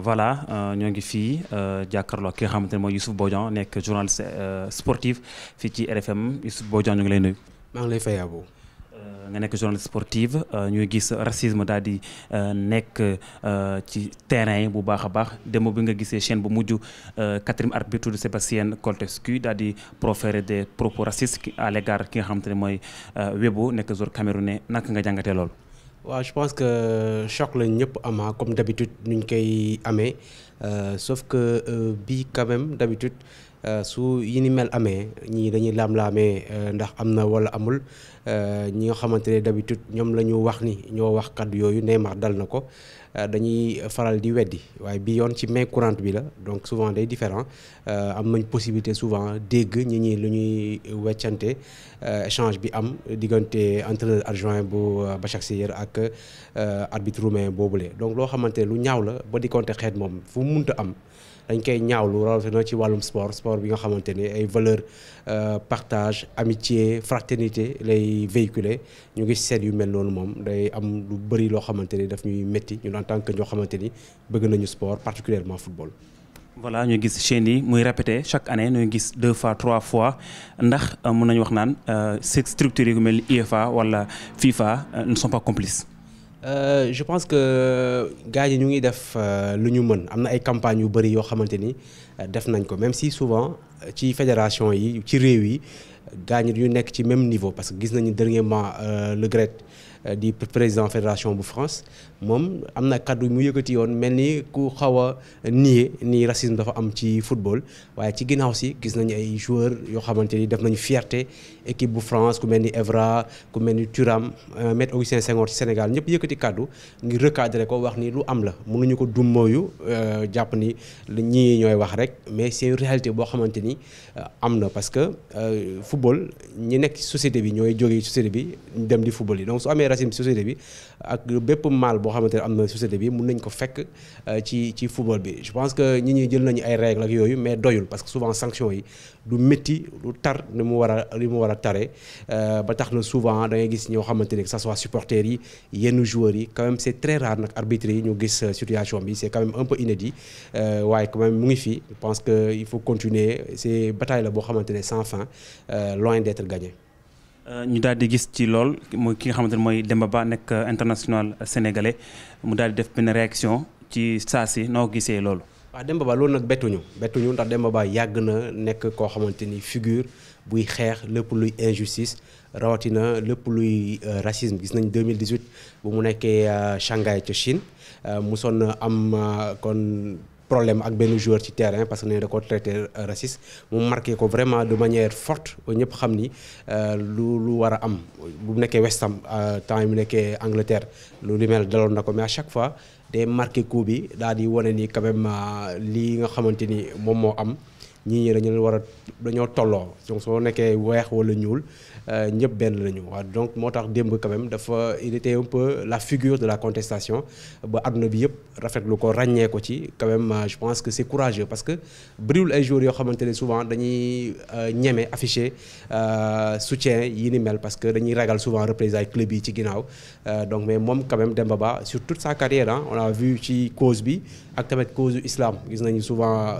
voilà euh, ñoo ngi fii euh, jàkkaarloo ki nga xamante ne mooy Youssouf Bodian nekk journaliste euh, sportif fii ci RFM Youssouf Bodian ñu ngi lay nuyu. maa ngi lay fay Abou. nga nekk journaliste sportive ñoo gis racisme daal di nekk ci terrain bu baax a baax démb bi nga gisee chaîne bu mujj quatrième arbitre de Sébastien Coltescu daal di proférer des propos racistes à l'égard ki nga xamante ne mooy Webo nekk joueur camerounais naka nga jàngatee loolu. waaw je pense que choc lañ ñëpp ama ah, comme d'habitude nuñ koy amee euh, sauf que euh, bii quand même d'habitude Euh, su yi ni mel amee ñii dañuy laam-laamee euh, ndax am na wala amul euh, ñi nga xamante ne d'habitude ñoom la ñu wax ni ñoo wax kàddu yooyu Neymar dal na ko dañuy faral di weddi waaye bi yoon ci main courante bi la donc souvent day différent am nañ possibilité souvent dégg ñi ñi lu ñuy weccante échange bi am diggante entraîneur adjoint bu Başakşehir ak arbitre roumain boobule donc loo xamante ne lu ñaaw la ba di xeet moom fu mu munta am dañ koy ñaawlu rawatina ci sport bi nga xamante ni ay valeur euh, partage amitié fraternité lay véhiculer ñu ngi seet yu mel noonu moom day am lu bëri loo xamante ni daf ñuy métti ñu en tant que ñoo xamante ni bëgg nañu sport particulièrement football. voilà ñu gis chaîne yi muy répété chaque année ñu gis deux fois trois fois ndax euh, mun nañu wax naan euh, ces yi yu mel ni UEFA wala FIFA ne sont pas Euh, je pense que gars yi ñu ngi def euh, lu ñu mën am na ay campagnes yu bëri yoo xamante ni euh, def nañ ko même si souvent ci fédération yi ci réew yi gars ñi ñu nekk ci même niveau parce que gis nañu dernièrement le GRET. Euh, di président fédération bu France moom am na kàddu mu yëkkati yoon mel ni ku xaw a nii ni racisme dafa am ci football waaye ci ginnaaw si gis nañu ay joueurs yoo xamante ni def nañu fierte équipe bu France ku mel ni Evra ku mel ni Thuram euh, maître Augustin Senghor ci Sénégal ñëpp yëkkati kàddu ngir recadrer ko wax ni lu am la mënuñu ko dummooyu euh, jàpp ni ñii ñooy wax rek mais c'est réalité boo xamante ni am na parce que football ñi nekk ci bi société bi dem di football racine société bi ak bépp maal boo xamante ne am na société bi mun nañ ko fekk euh, ci ci football bi je pense que ñi ñuy jël nañu ay règles ak yooyu mais doyul parce que souvent sanction yi du métti du tar ni mu war a li mu war a tare euh, ba tax na souvent da gis ñoo xamante ne que ça soit supporters yi yenn joueurs yi quand même c' est très rare nag arbitre yi ñoo gis euh, situation bi c' est quand même un peu inédit waaye quand mu ngi fi je pense que il faut continuer c' est la boo xamante ne sans fin loin d' être gagné Euh, ñu daal di gis ci lool mooy ki nga xamante ni mooy Demba Ba nekk euh, international sénégalais mu daal def benn réaction ci saa si noo gisee loolu. waaw Demba Ba loolu nag bettuñu bettuñu ndax Demba baa yàgg na nekk koo xamante ni figure buy xeex lépp luy injustice rawatina lépp luy euh, racisme gis nañ 2018 bu mu nekkee Shanghai ca Chine mu sonn am kon. problème ak benn joueur ci terrain parce que nee da ko traité euh, raciste mu marqué ko vraiment de manière fort ba ñëpp xam ni euh, lu lu war a am bu nekkee West Ham euh, temps yi mu nekkee Angleterre lu li mel daloon na ko mais chaque fois day marqué coup bi daal di wane ni quand lii nga xamante ni moom moo am. ñii ñi dañu leen war a dañoo tolloo donc soo nekkee weex wala ñuul euh, ñëpp benn la ñu waaw donc moo tax démb quand même dafa il était un peu la figure de la contestation ba adduna bi yëpp rafetlu ko ràññee ko ci quand même euh, pense que c'est courageux parce que bëriwul ay jours yoo xamante ne souvent dañuy euh, ñeme afficher soutien yi ni mel parce que dañuy ragal souvent représailles club yi ci ginnaaw donc mais moom quand même Demba Ba surtout sa carrière ah on a vu ci cause bi ak tamit gis nañu souvent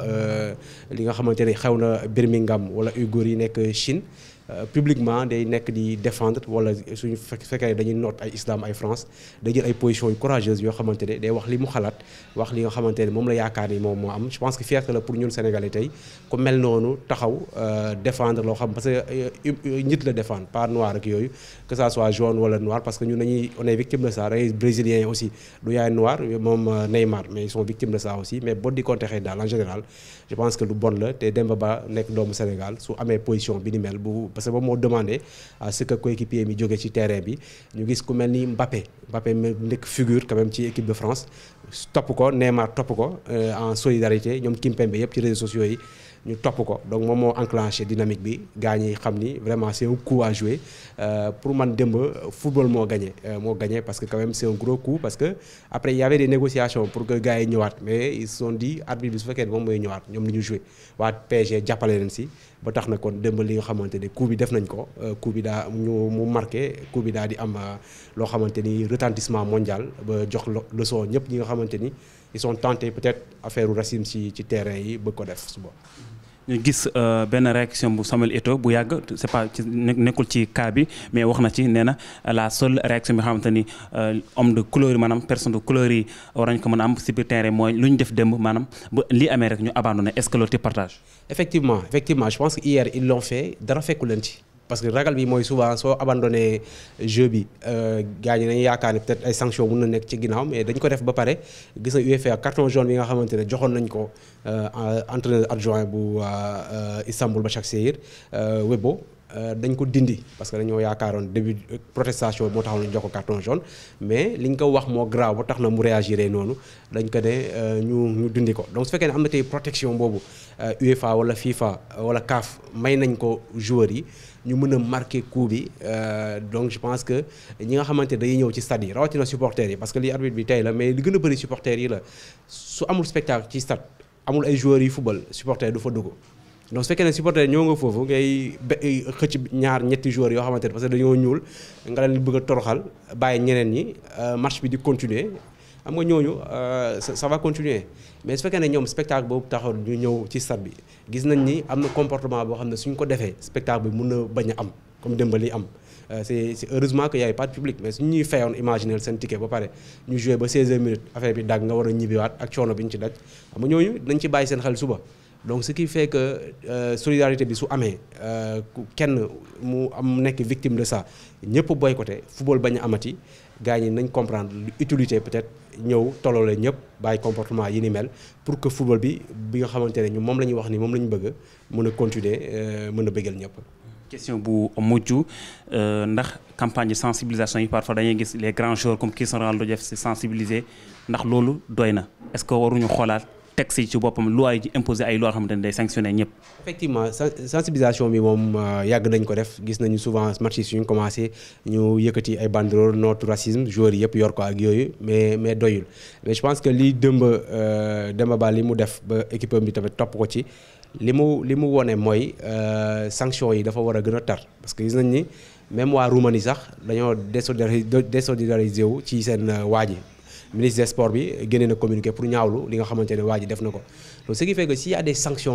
xamante ni xew na Birmingham wala Uyghur yi nekk Chine Euh, publiquement day nekk di défendre wala suñu fekkee dañuy noot ay islam ay France day jël ay positions yu courageuses yoo xamante ne day wax li mu xalaat wax li nga xamante ne moom la yaakaar ni moom moo am je pense que fierté la pour ñun Sénégalais tey ku euh, loo xam parce que euh, nit la défendre pas noir on est victime de ça ay brésiliens yi aussi du yaay noir moom Neymar mais ils sont victimes de ça aussi mais boo di konte daal en général je pense que lu bon la te Demba Ba nekk doomu Sénégal su amee position bi ni mel bu parce que boobu moo demandé à euh, ce que coéquipier mi jóge ci terrain bi ñu gis ku mel ni Mbappé Mbappé nekk figure quand ci équipe de France topp ko Neymar topp ko euh, en solidarité ñoom Kimpembe yëpp ci réseaux sociaux yi ñu topp ko donc moom moo enclenché dynamique bi gaa ñi xam ni vraiment c' est un coup à jouer euh, pour man démb football moo gagné moo gagné parce que quand même c' gros coup parce que après il y avait des pour que gars yi ñëwaat mais ils se sont dit arbitre mooy ñëwaat ñoom li ñu joué waa PSG jàppale leen si ba tax na kon démb li nga xamante ne coup bi def nañ ko euh, coup bi daa ñu mu marqué coup bi daa di am euh, loo xamante ni retentissement mondial ba jox leçon ñëpp ñi nga xamante ni ils sont tentés peut-être affaire racisme ci ci terrain yi bëgg ko def suba. ñu gis euh, benn réaction bu Samuel Eto'o bu yàgg c'est pas nekkul ci cas bi mais wax na ci nee na la seule réaction bi xamante ni euh, homme de couleur yi maanaam personne de couleur yi war nañ ko mën a am si biir mooy lu ñu def démb maanaam bu lii amee rek ñu abandonné est-ce que loolu te partage effectivement effectivement je pense que hier ils l'ont fait dara fekku leen ci parce que ragal bi mooy souvent soo abandonné jeu bi euh, gaa ñi dañuy yaakaar ne peut-être ay sanctions mun na nekk ci ginnaaw mais dañ ko def ba pare gis na UEFA carton jaune bi nga xamante ne joxoon nañ ko euh, entraîneur adjoint bu euh, Istanbul Başakşehir Webo Euh, dañ ko dindi parce que dañoo yaakaaroon début protestation bi moo taxoon ñu jox ko carton li ñu ko wax moo grave ba tax na mu réagiré noonu dañ ko ne euh, ñu ñu dindi ko donc su fekkee ne am na tey protection boobu euh, UEFA wala FIFA wala CAF may nañ ko joueurs yi ñu mën a marqué coup bi donc je pense que ñi nga xamante dañuy ñëw ci stade yi rawatina supporters yi parce que li arbitre bi tey la mais li gën a bëri supporters yi la su amul spectacle ci stade amul ay joueurs yi football supporters du fa dugg. donc su fekkee ne supporter ñoo nga foofu ngay xëcc ñaar ñetti joueurs yoo xamante ne parce que dañoo ñuul nga leen bëgg a toroxal bàyyi ñeneen ñi euh, match bi di continuer am nga ñooñu euh, ça va continuer mais su fekkee ne ñoom spectacle boobu taxaw ñu ñëw ci stade bi gis nañ ni am na comportement boo xam ne suñ ko defee spectacle bi mun na bañ a am comme dëmbali am. Euh, c'est c'est heureusement que y avait pas de public mais su ñuy fayoon imaginer seen ticket ba pare ñu joué bi dagg nga war a ñibbiwaat ak coono bi ñu ci daj xam nga ñooñu ci bàyyi seen xel suba. donc ce qui fait que euh, solidarité bi su amee euh, kenn mu am nekk victime de ça ñëpp boycotté football bañu amati gaa ñi nañ comprendre utilité peut-être ñëw tolloole ñëpp bàyyi comportement yi ni mel pour que football bi bi nga xamante ne ñu moom la ñuy wax ni moom lañu bëgg mën a continuer euh, mën a bëggal ñëpp. question bu mujj euh, ndax campagne de sensibilisation yi parfois dañuy gis les grands joueurs comme Cristiano Ronaldo def si sensibiliser ndax loolu doy na est-ce que waruñu xoolaat. texte yi ci boppam lu yi ci imposé ay loi xamante ne day sanctionné ñëpp. effectivement sensibilisation bi moom euh, yàgg nañ ko def gis nañu souvent match yi suñu commencé ñu yëkkati ay banderole notre racisme joueurs yëpp yor ko ak yooyu mais mais doyul mais je pense que lii dëmba Demba euh, Ba li mu def ba équipe bi tamit topp ko ci li mu li mu wone mooy euh, sanction yi dafa war a gën a tar parce que gis nañ ni même waa Roumanie sax dañoo désolidariser wu ci seen waa ji ministre des sports bi génne na communiqué pour ñaawlu li nga xamante ne waa ji def na ko donc ce qui fait que a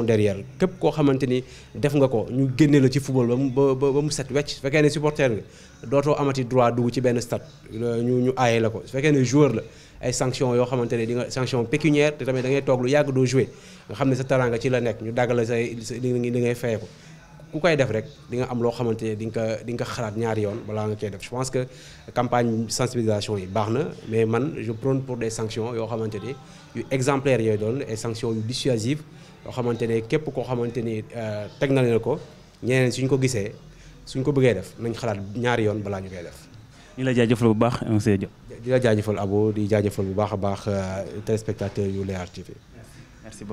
derrière képp koo xamante ni def nga ko ñu génne la ci football ba mu ba mu set wecc su fekkee ne supporter nga dootoo amati droit dugg ci benn stade ñu ñu aaye la ko su fekkee ne joueur la ay sanctions yoo xamante ne di nga sanction pécuniaire te tamit da ngay toog lu yàgg doo jouer nga xam ne sa taranga ci la nekk ñu daggal la say li ngay fayee ku koy def rek di nga am loo xamante ne di nga ko di nga xalaat ñaari yoon balaa nga koy def je pense que campagne sensibilisation yi baax na mais man je prône pour des sanctions yoo xamante ne yu exemplaires yooyu doon et sanctions yoo xamante ne képp koo xamante ni euh, teg na leen ko ñeneen suñ ko gisee suñ ko bëggee def nañ xalaat ñaari yoon balaa ñu koy def. di la jaajëfal bu baax monsieur Diop. di la jaajëfal Abo di jaajëfal bu baax a baax euh, téléspectateurs yu Leral TV. merci